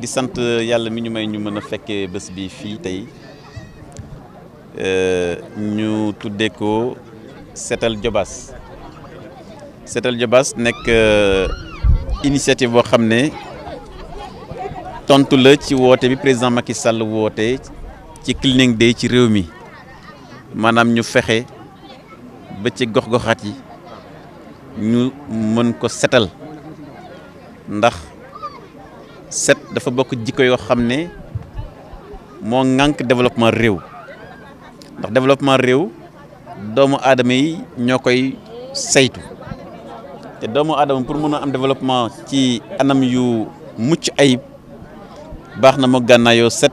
di sant euh, yalla mi ñu may ñu mën a fekkee bés bi fii tey euh, ñu tuddee ko Setal Diobass Setal Diobass nekk euh, initiative boo xam ne tontu la ci woote bi président Macky Sall woote ci cleaning day ci réew mi maanaam ñu fexe ba ci gox-goxaat yi ñu mën ko setal ndax set dafa bokk jikko yo xamné mo ngank développement réew ndax développement réew doomu aadama yi ñokoy koy saytu te doomu aadama pour mëna am développement ci anam yu mucc ayib baxna mo ganna yo set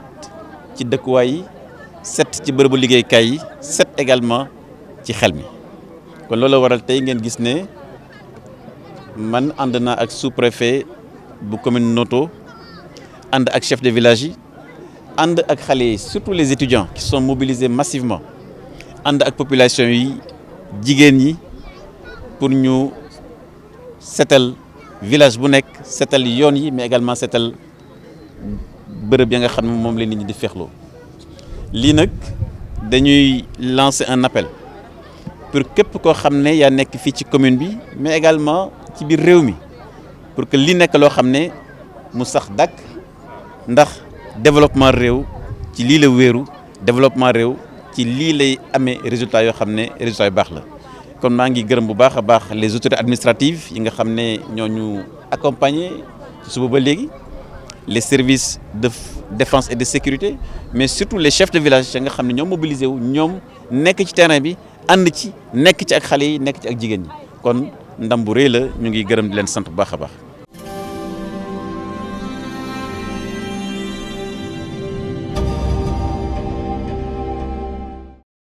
ci dëkkuwaay yi set ci bërëbu liggéeykaay yi set également ci xel mi kon loolu waral tey ngeen gis ne man ànd naa ak sous-préfet bu commune Noto And ak chef de village yi ak surtout les étudiants qui sont mobilisés massivement and ak population yi jigéen yi pour ñu sétal village bu nek sétal yoon yi mais également sétal bëreub ya nga xam mom moom la nit ñi di fexlo li nak dañuy lancer un appel pour képp ko xamné ya nek fi ci commune bi mais également ci biir réew pour que li nek lo xamné mu sax dak ndax développement réew ci li la wéru développement réew ci li lay amé résultat yo xamné ne résultat yu baax la kon ma ngi gërëm bu baax a baax les autorités administratives yi nga xamné ne accompagner ci suba ba légui les services de défense et de sécurité mais surtout les chefs de village nga xamné ñom ñoom mobilisé wu ñom nek ci terrain bi and ci nek ci ak xale yi nekk ci ak jigéen ñi kon ndam bu rëy la ñu ngi gërëm di leen sant bu baax a baax.